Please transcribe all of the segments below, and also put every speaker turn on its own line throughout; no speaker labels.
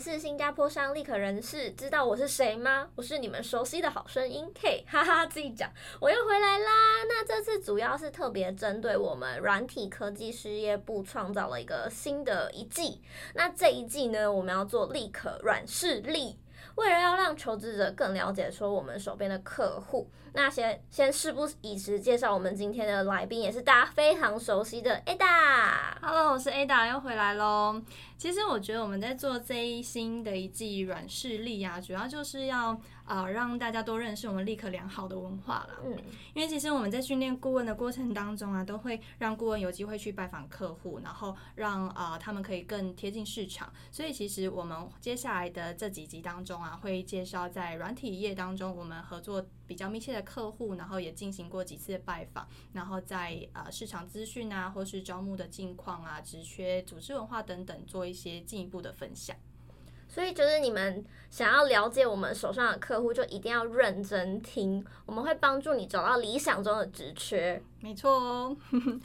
是新加坡商立可人事，知道我是誰嗎？我是你們熟悉的好聲音 K，哈哈，自己講，我又回來啦。那這次主要是特別針對我們軟體科技事業部創造了一個新的一季。那這一季呢，我們要做立可軟勢力，為了要讓求職者更了解說我們手邊的客戶。那先先，事不宜遲，介紹我們今天的來賓，也是大家非常熟悉的
Ada。Hello，我是 Ada，又回來嘍。其實我覺得我們在做這一新的一季軟勢力啊，主要就是要啊、呃，讓大家都認識我們立可良好的文化啦。嗯，因為其實我們在訓練顧問的過程當中啊，都會讓顧問有機會去拜訪客戶，然後讓啊、呃、他們可以更貼近市場。所以其實我們接下來的這幾集當中啊，會介紹在軟體業當中我們合作。比較密切的客戶，然後也進行過幾次的拜訪，然後在啊、呃、市場資訊啊，或是招募的近況啊、職缺、組織文化等等，做一些進一步的分享。
所以，就是你們想要了解我們手上的客戶，就一定要認真聽。我
們會幫助你找到理想中的職缺。沒錯錯哦。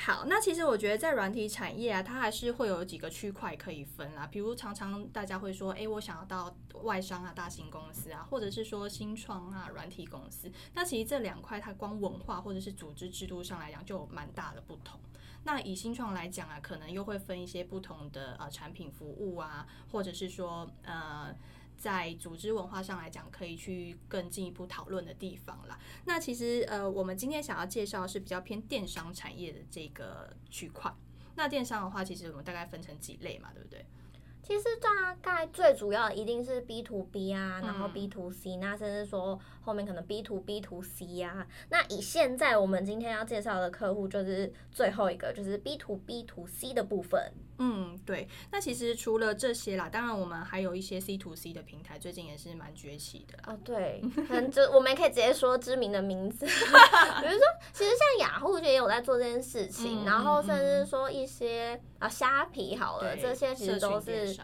好，那其實我覺得在軟體產業啊，它還是會有幾個區塊可以分啊。比如常常大家會說，誒、欸，我想要到外商啊、大型公司啊，或者是說新創啊、軟體公司。那其實這兩塊，它光文化或者是組織制度上來講，就蠻大的不同。那以新創來講啊，可能又會分一些不同的啊、呃、產品服務啊，或者是說呃。在組織文化上來講，可以去更進一步討論的地方啦。那其實呃，我們今天想要介紹是比較偏電商產業的這個區塊。那電商的話，其實我們大概分成幾類嘛，對不對？其實大概
最主要一定是 B to B 啊，然後 B to C，嗯，那甚至說後面可能 B to B to C 呀啊。那以現在我們今天要介紹的客戶，就是最後一個就是 B to B to C 的部分。
嗯，對，那其實除了這些啦，當然我們還有一些 C to C 的平台，最近也是蠻崛起的
啊、哦。對，可能就我們也可以直接說知名的名字， 比如說，其實像雅虎就也有在做這件事情，嗯嗯嗯、然後甚至說一些啊蝦皮好了，對這些其實都是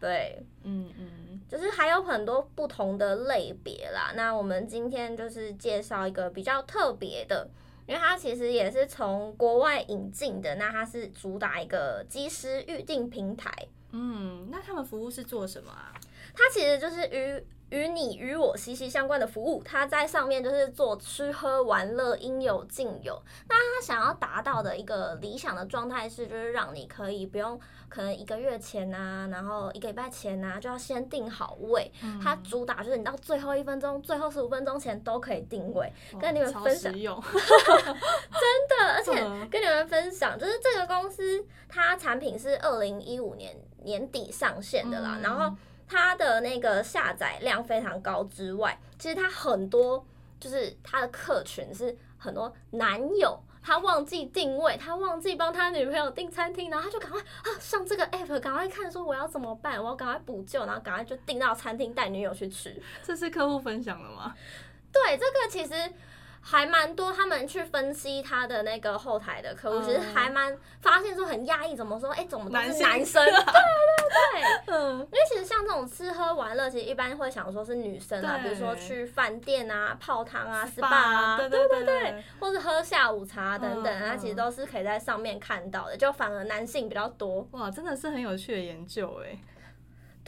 對，嗯嗯，嗯就是還有很多不同的類別啦。那我們今天就是介紹一個比較特別的。因為它其實也是從國外引進的，那它是主打一個即時預訂平台。
嗯，那他們服務是做
什麼啊？它其實就是與與你與我息息相關的服務，它在上面就是做吃喝玩樂，應有盡有。那它想要達到的一個理想的狀態是，就是讓你可以不用可能一個月前啊，然後一個禮拜前啊，就要先訂好位。嗯、它主打就是你到最後一分鐘、最後十五分鐘前都可以訂位，哦、跟你們分享， 真的。而且跟你們分享，就是這個公司它產品是二零一五年年底上線的啦，嗯、然後。它的那個下載量非常高之外，其實它很多就是它的客群是很多男友，他忘記訂位，他忘記幫他女朋友訂餐廳，然後他就趕快啊上這個 APP，趕快看說我要怎麼辦，我要趕快補救，然後趕快就訂到餐廳帶女友去吃。這是客戶分享的嗎？對，這個其實。還蠻多，他們去分析他的那個後台的客戶，嗯、其實還蠻發現說很訝異，怎麼說？哎、欸，怎麼都是男生？男啊、對對對，嗯，因為其實像這種吃喝玩樂，其實一般會想說是女生啊，對比如說去飯店啊、泡湯啊、spa 啊，啊對，對對對，對對對或是喝下午茶等等，它、嗯、其實都是可以在上面看到的，就反而男性比較多。哇，真的是很有趣的研究哎、欸。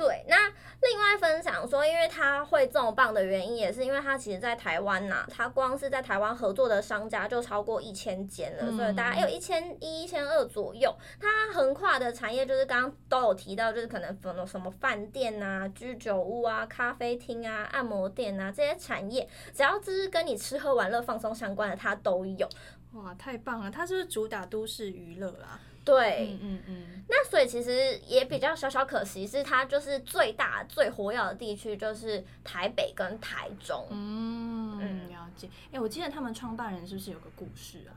對，那另外分享說，因為它會這麼棒的原因，也是因為它其實在台灣吶、啊，它光是在台灣合作的商家就超過一千間了，嗯、所以大概有一千一一千二左右。它橫跨的產業就是剛剛都有提到，就是可能什麼飯店吶、啊、居酒屋啊、咖啡廳啊、按摩店啊這些產業，只要就是跟你吃喝玩樂放鬆相關的，它都有。哇，太棒了！它是不是主打都市娛樂啊？對，
嗯
嗯，嗯嗯，那所以其實也比較小小可惜，是他就是最大最活躍的地區就是台北跟台中。嗯，
嗯了解。哎、欸，我記得他們創辦人是不是有個故事啊？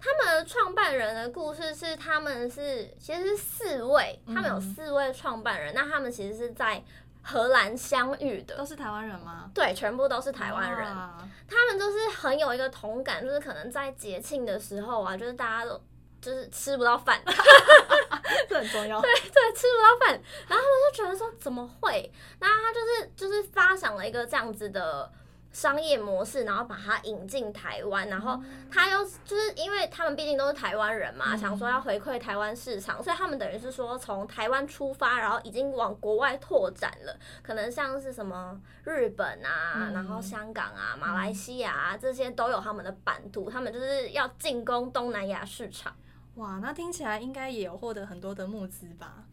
他們的創辦人的故事是，他們是其實是四位，嗯、他們有四位創辦人，那他們其實是在荷蘭相遇的。都是台灣人嗎？對，全部都是台灣人。哇他們就是很有一個同感，就是可能在節慶的時候啊，就是大家都。就是吃不到飯， 這很重要。 對，對，吃不到飯，然後他們就覺得說怎麼會？那他就是就是發想了一個這樣子的商業模式，然後把它引進台灣，然後他又就是因為他們畢竟都是台灣人嘛，想說要回饋台灣市場，所以他們等於是說從台灣出發，然後已經往國外拓展了，可能像是什麼日本啊，然後香港啊、馬來西亞啊，這些都有他們的版圖，他們就是要進攻東南亞市場。哇，那聽起來應該也有獲得很多的募資吧？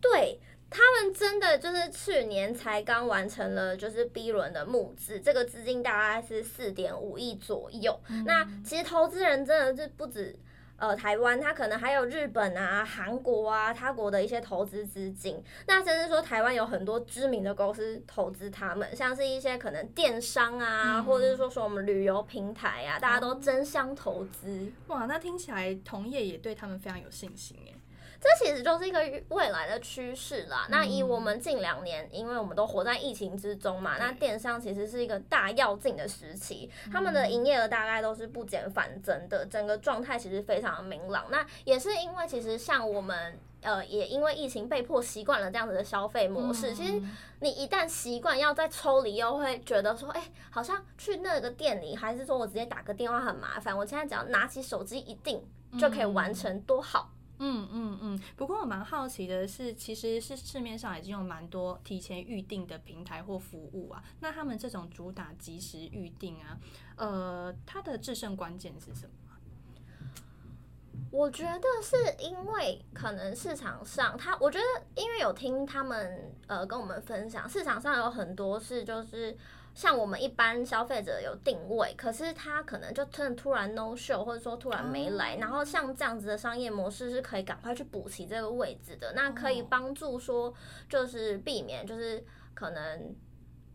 對，他們真的就是去年才剛完成了就是 B 輪的募資，這個資金大概是四點五億左右。嗯、那其實投資人真的是不止。呃，台灣它可能還有日本啊、韓國啊，他國的一些投資資金。那甚至說，台灣有很多知名的公司投資他們，像是一些可能電商啊，嗯、或者是說說我們旅遊平台啊，大家都爭相投資。哇，那聽起來同業也對他們非常有信心耶。這其實就是一個未來的趨勢啦。嗯、那以我們近兩年，因為我們都活在疫情之中嘛，那電商其實是一個大要進的時期，嗯、他們的營業額大概都是不減反增的，整個狀態其實非常的明朗。那也是因為，其實像我們，呃，也因為疫情被迫習慣了這樣子的消費模式。嗯、其實你一旦習慣，要再抽離，又會覺得說，哎，好像去那個店裡，還是說我直接打個電話很麻煩。我現在只要拿起手機一訂就可以完成，
多好。嗯嗯嗯嗯，不過我蠻好奇的是，其實是市面上已經有蠻多提前預定的平台或服務啊。那他們這種主打即時預定啊，呃，它的制勝關鍵是什麼？我覺
得是因為可能市場上，他我覺得因為有聽他們呃跟我們分享，市場上有很多是就是。像我們一般消費者有訂位，可是他可能就突然突然 no show，或者說突然沒來，oh. 然後像這樣子的商業模式是可以趕快去補齊這個位置的，那可以幫助說就是避免就是可能、oh.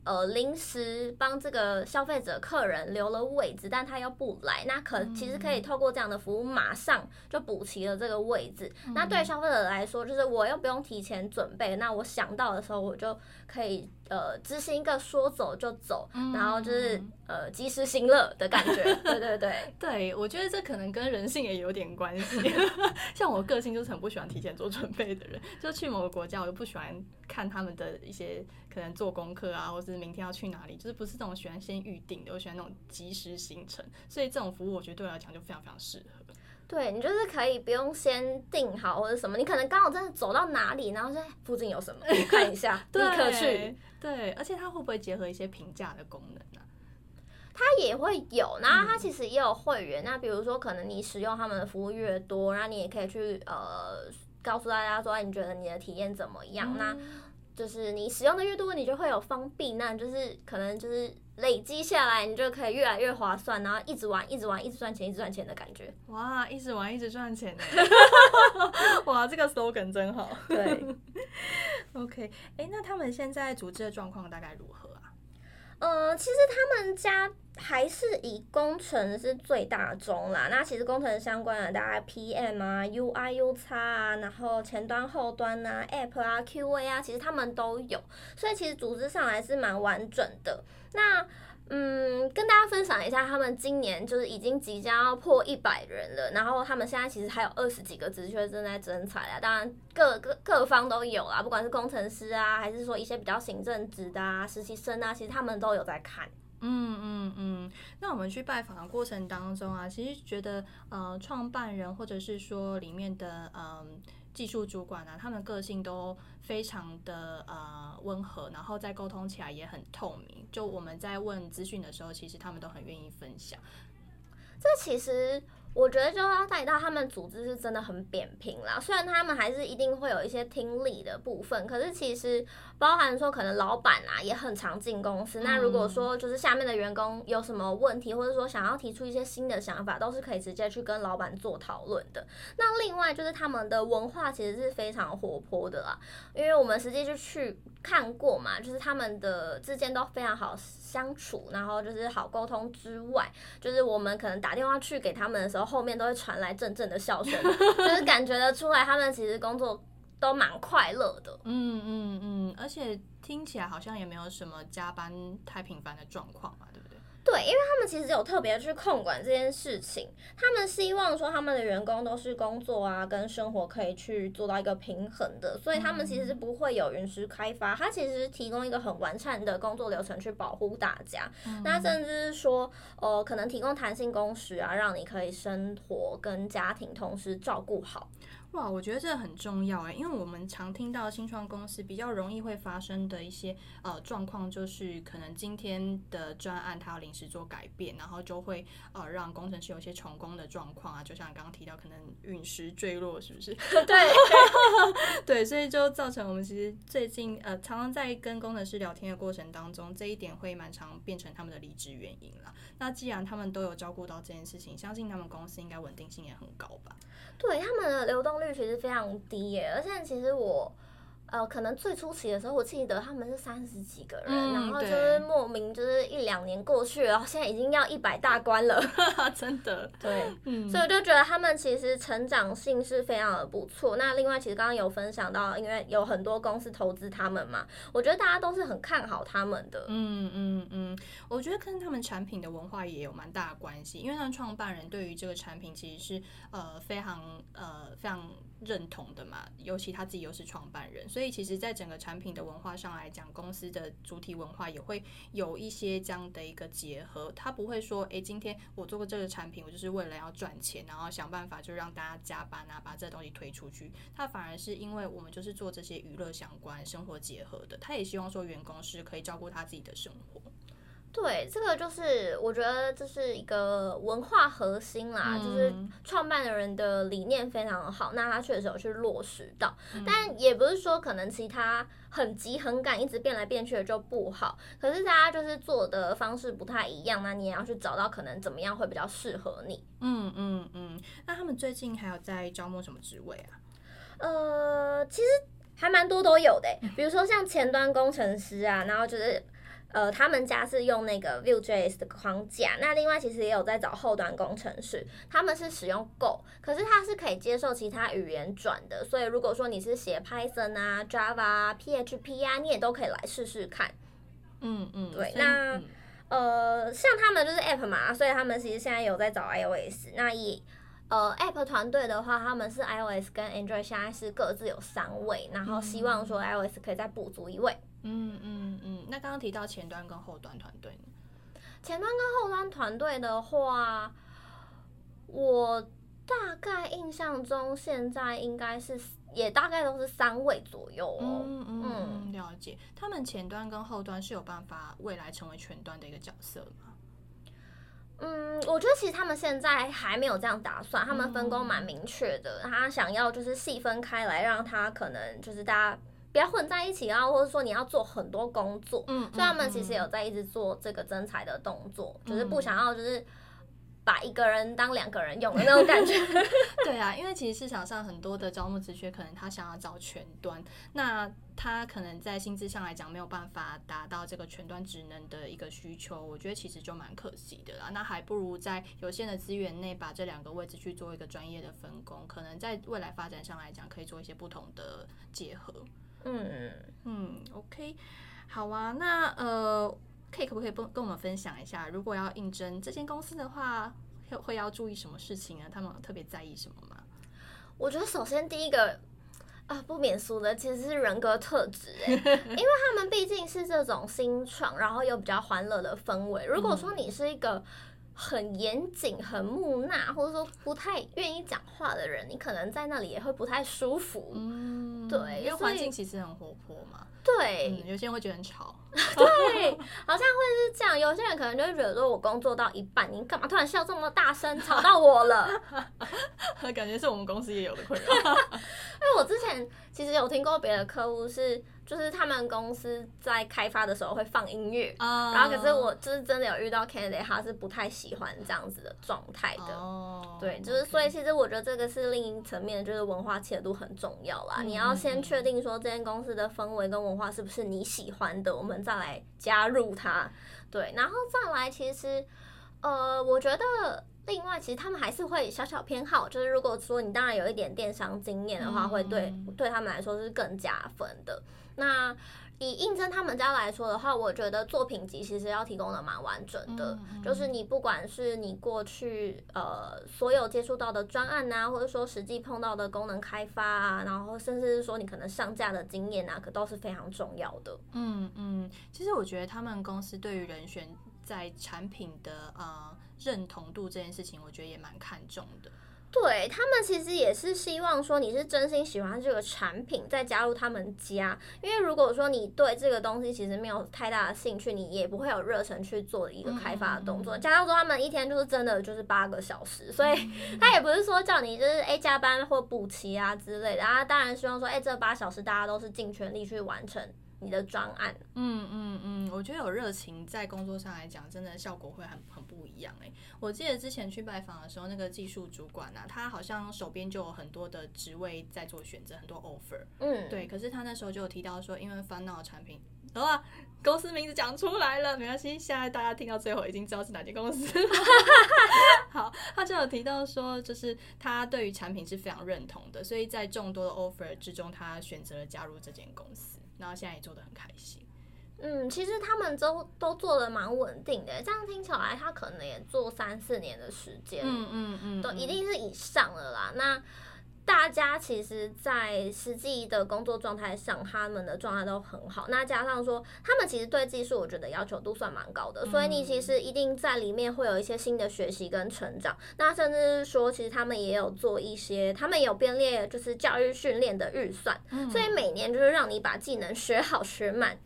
呃臨時幫這個消費者客人留了位置，但他又不來，那可其實可以透過這樣的服務馬上就補齊了這個位置，那對消費者來說就是我又不用提前準備，那我想到的時候我就可以。呃，只是一個說走就走，嗯、然後就是呃，及時
行樂的感覺。 對對對，對我覺得這可能跟人性也有點關係。 像我個性就是很不喜歡提前做準備的人，就是去某個國家，我又不喜歡看他們的一些可能做功課啊，或者是明天要去哪裡，就是不是這種喜歡先預定的，我喜歡那種及時行程。所以這種服務，我覺得對我來講就非常非常適合。
對，你就是可以不用先定好或者什麼，你可能剛好真的走到哪裡，然後在附近有什麼， 看一下，立刻 對去。對，而且它會不會結合一些評價的功能呢、啊？它也會有，那它其實也有會員。嗯、那比如說，可能你使用他們的服務越多，然後你也可以去呃告訴大家說，哎，你覺得你的體驗怎麼樣、啊？那、嗯。嗯就是你使用的越多，你就會有方便，那就是可能就是累積下來，你就可以越來越划算，然後一直玩，一直玩，一直賺錢，一直賺錢的感覺。
哇，一直玩，一直賺錢呢！ 哇，這個 slogan 真好。對。 OK，哎、欸，那他們現在組織的狀況大概如何？呃，其實他們家還
是以工程是最大宗啦。那其實工程相關的，大概 PM 啊、UI、U 叉啊，然後前端、後端啊、App 啊、QA 啊，其實他們都有。所以其實組織上還是蠻完整的。那分享一下，他們今年就是已經即將要破一百人了，然後他們現在其實還有二十幾個職缺正在徵才啊。當然各，各個各方都有啦，不管是工程師啊，還是說一些比較行政職的啊，實習生啊，其實他們都有在看。嗯嗯
嗯，那我們去拜訪的過程當中啊，其實覺得呃，創辦人或者是說裡面的嗯。呃技術主管呢、啊，他們個性都非常的呃溫和，然後在溝通起來也很透明。就我們在問資訊的時候，其實他們都很願意分享。
這其實。我覺得就要帶到他們組織是真的很扁平啦。雖然他們還是一定會有一些聽力的部分，可是其實包含說，可能老板啊也很常進公司。那如果說就是下面的員工有什麼問題，或者說想要提出一些新的想法，都是可以直接去跟老板做討論的。那另外就是他們的文化其實是非常活潑的啦，因為我們實際就去看過嘛，就是他們的之間都非常好。相處，然後就是好溝通之外，就是我們可能打電話去給他們的時候，後面都會傳來陣陣的笑聲， 就是
感覺得出來他們其實工作都蠻快樂的。嗯嗯嗯，而且聽起來好像也沒有什麼加班太頻繁的狀況嘛，對不對？對，因為他們
其實有特別去控管這件事情，他們希望說他們的員工都是工作啊跟生活可以去做到一個平衡的，所以他們其實不會有臨時開發，他其實提供一個很完善的工作流程去保護大家，嗯、那甚至是說哦、呃，可能提供彈性工時啊，讓你可以生活跟家庭同時照顧
好。哇，我覺得這很重要哎，因為我們常聽到新創公司比較容易會發生的一些呃狀況，就是可能今天的專案他要臨時做改變，然後就會呃讓工程師有一些重工的狀況啊。就像剛剛提到，可能隕石墜落，是不是？Okay. 對 Okay. 對，所以就造成我們其實最近呃常常在跟工程師聊天的過程當中，這一點會蠻常變成他們的離職原因了。那既然他們都有照顧到這件事情，相信他們公司應該穩定性也很高吧？
對他們的流動。率其實非常低耶，而且其實我。呃，可能最初期的時候，我記得他們是三十幾個人，嗯、然後就是莫名就是一兩年過去，然後現在已經要一百大關了， 真的。對，嗯、所以我就覺得他們其實成長性是非常的不錯。那另外，其實剛剛有分享到，因為有很多公司投資他們嘛，
我覺得大家都是很看好他們的。嗯嗯嗯，我覺得跟他們產品的文化也有蠻大的關係，因為他們創辦人對於這個產品其實是呃非常呃非常認同的嘛，尤其他自己又是創辦人，所以。所以其實，在整個產品的文化上來講，公司的主體文化也會有一些這樣的一個結合。他不會說，哎，今天我做過這個產品，我就是為了要賺錢，然後想辦法就讓大家加班啊，把這東西推出去。他反而是因為我們就是做這些娛樂相關、生活結合的，他也希望說員工是可以照顧他自己的生活。
對，這個就是我覺得這是一個文化核心啦，嗯、就是創辦的人的理念非常的好，那他確實有去落實到，嗯、但也不是說可能其他很急、很趕，一直變來變去的就不好。可是大家就是做的方式不太一樣，那你也要去找
到可能怎麼樣會比較適合你。嗯嗯嗯。那他們最近還有在招募什麼職位啊？
呃，其實還蠻多都有的、欸，比如說像前端工程師啊， 然後就是。呃，他們家是用那個 Vue.js 的框架，那另外其實也有在找後端工程師，他們是使用 Go，可是它是可以接受其他語言轉的，所以如果說你是寫 Python 啊、Java 啊、PHP 啊，你也都可以來試試看。嗯嗯，嗯
對。嗯、那
呃，像他們就是 App 嘛，所以他們其實現在有在找 iOS，那以呃 App 團隊的話，他們是 iOS 跟 Android 現在是各自有三位，然後希望說 iOS 可以再補足一位。嗯嗯嗯嗯嗯，那剛剛提到前端跟後端團隊呢？前端跟後端團隊的話，我大概印象中
現在應該是也大概都是三位左右哦。嗯，嗯嗯了解。他們前端跟後端是有辦法未來成為全端的一個角色嗎？嗯，我覺得其實他們
現在還沒有這樣打算，他們分工蠻明確的。嗯，他想要就是細分開來，讓他可能就是大家。不要混在一起啊，或者說你要做很多工作，嗯、所以他們其實有在一直做這個徵才的動作，嗯、就是不想要就是把一個人當兩個人用的那種感覺。
對啊，因為其實市場上很多的招募職缺，可能他想要找全端，那他可能在薪資上來講沒有辦法達到這個全端職能的一個需求，我覺得其實就蠻可惜的啦。那還不如在有限的資源內把這兩個位置去做一個專業的分工，可能在未來發展上來講可以做一些不同的結合。嗯嗯，OK，好啊。那呃，K 可，可不可以跟跟我們分享一下，如果要應徵這間公司的話會，會要注意什麼事情啊？他們特別在意什麼嗎？我
覺得首先第一個啊、呃，不免俗的其實是人格特質哎、欸， 因為他們畢竟是這種新創，然後又比較歡樂的氛圍。如果說你是一個很嚴謹、很木訥，或者說不太願意講話的人，你可能在那裡也會不太舒服。嗯。
對、嗯，因為環境其實
很活潑嘛。對，嗯、對有些
人會覺得很吵。
對，好像會是這樣。有些人可能就會覺得說：“我工作到一半，你幹嘛突然笑這麼大聲，吵到我了？”
感覺是我們公司也有的困擾。
因為我之前其實有聽過別的客戶是。就是他們公司在開發的時候會放音樂，oh, 然後可是我就是真的有遇到 Candy，他是不太喜歡這樣子的狀態的。Oh, 對，就是所以其實我覺得這個是另一層面，就是文化契合度很重要啦。okay. 你要先確定說這間公司的氛圍跟文化是不是你喜歡的，我們再來加入它。對，然後再來，其實呃，我覺得。另外，其實他們還是會小小偏好，就是如果說你當然有一點電商經驗的話，會對對他們來說是更加分的。那以應徵他們家來說的話，我覺得作品集其實要提供的蠻完整的，嗯嗯，就是你不管是你過去呃所有接觸到的專案啊，或者說實際碰到的功能開發啊，然後甚至是說你可能上架的經驗啊，可都是非常重要的。嗯
嗯，其實我覺得他們公司對於人選在產品的呃……認同度這件事情，我覺得也蠻看重的。
對他們其實也是希望說，你是真心喜歡這個產品，再加入他們家。因為如果說你對這個東西其實沒有太大的興趣，你也不會有熱忱去做一個開發的動作。嗯、加上說他們一天就是真的就是八個小時，所以他也不是說叫你就是、嗯、誒加班或補齊啊之類的。啊當然希望說，誒這八小時大家都是盡全力去完成。你的專
案。嗯，嗯嗯嗯，我覺得有熱情，在工作上來講真的效果會很很不一樣哎、欸。我記得之前去拜訪的時候，那個技術主管啊，他好像手邊就有很多的職位在做選擇，很多 offer，嗯，對。可是他那時候就有提到說，因為 Funnel 的產品。好啊，公司名字講出來了，沒關係，現在大家聽到最後已經知道是哪間公司了。 好，他就有提到說，就是他對於產品是非常認同的，所以在眾多的 offer 之中，他選擇了加入這間公司，然後現在也做得很開心。嗯，
其實他們都都做得蠻穩定的，這樣聽起來他可能也做三四年的時間，嗯，嗯嗯嗯，都一定是以上的啦。那。大家其實，在實際的工作狀態上，他們的狀態都很好。那加上說，他們其實對技術，我覺得要求都算蠻高的。所以你其實一定在裡面會有一些新的學習跟成長。那甚至是說，其實他們也有做一些，他們有編列就是教育訓練的預算，所以每年就是讓你把技能學好學滿。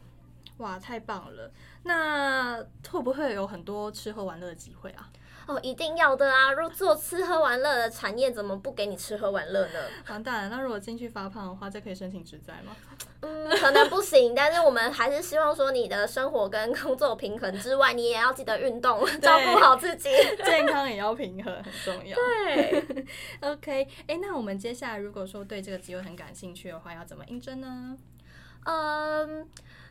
哇，太棒了！那會不
會有很多吃喝玩樂的機會
啊？哦，一定要的啊！如果做吃喝玩樂的產業，怎麼不給你吃喝玩樂呢？完蛋了！那如果進去發胖的話，就可以申請職災嗎？嗯，
可能不
行。 但是我們還是希望說，你的生活跟工作平衡之外，你也要記得運動，對照顧好自己，健
康也要平衡，很重要。對。 OK，哎、欸，那我們接下來如果說對這個機會很感興趣的話，要怎麼應徵呢？嗯。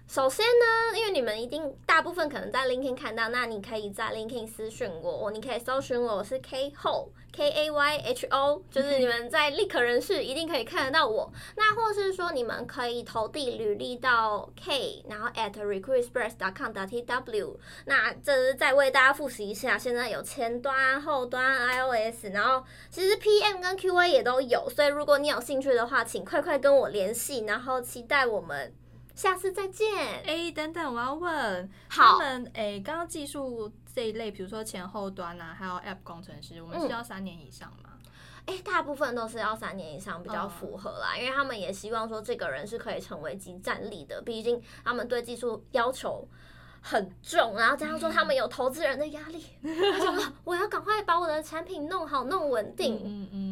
首先呢，因為你們一定大部分可能在 LinkedIn 看到，那你可以在 LinkedIn 私訊我，你可以搜尋我，我是 Kay Ho，K A Y H O，就是你們在立可人事一定可以看得到我。 那或是說你們可以投遞履歷到 Kay 然後 at recruitexpress. dot com. T W。那這是再為大家複習一下，現在有前端、後端、iOS，然後其實 PM 跟 QA 也都有，所以如果你有興趣的話，請快快跟我聯繫，然後期待我們。下次再見。
哎、欸，等等，我要問好他們，哎、欸，剛剛技術這一類，比如說前後端啊，還有 App 工程師，我們需要三年以上嗎？哎、嗯欸，大部分都是要三年以
上，比較符合啦，哦、因為他們也希望說這個人是可以成為即戰力的，畢竟他們對技術要求很重，然後加上說他們有投資人的壓力， 他想說我要趕快把我的產品弄好、弄穩定。嗯嗯。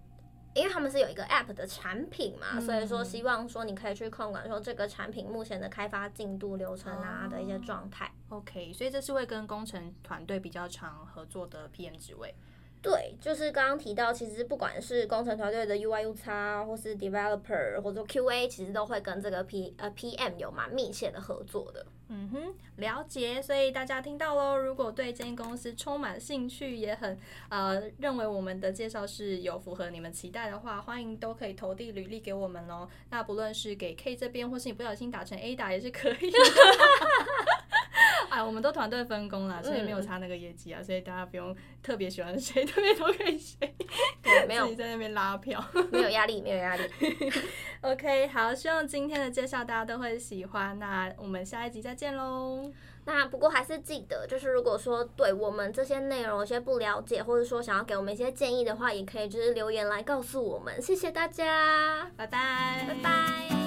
因為他們是有一個 App 的產品嘛，嗯、所以說希望說你可以去控管說這個產品目前的開發進度、流程啊的一些
狀態、哦。OK，所以這是會跟工程團隊比較常合作的 PM 職位。
對，就是剛剛提到，其實不管是工程團隊的 UI、UX 或是 Developer 或者說 QA，其實都會跟這個 P 呃 PM 有蠻密切的合作的。
嗯哼，了解，所以大家聽到咯，如果對這間公司充滿興趣，也很呃認為我們的介紹是有符合你們期待的話，歡迎都可以投遞履歷給我們哦。那不論是給 K 這邊，或是你不小心打成 A 打也是可以的。 哎，我們都團隊分工了，所以沒有差那個業績啊，嗯、所以大家不用特別喜歡誰，特別投給誰，嗯，沒有自己在那邊拉票，沒有壓力，沒有壓力。 OK，好，希望今天的介紹大家都會喜歡，那我們下一集再見
嘍。那不過還是記得，就是如果說對我們這些內容有些不了解，或者說想要給我們一些建議的話，也可以就是留言來告訴我們，謝謝大家，拜拜 bye，拜拜。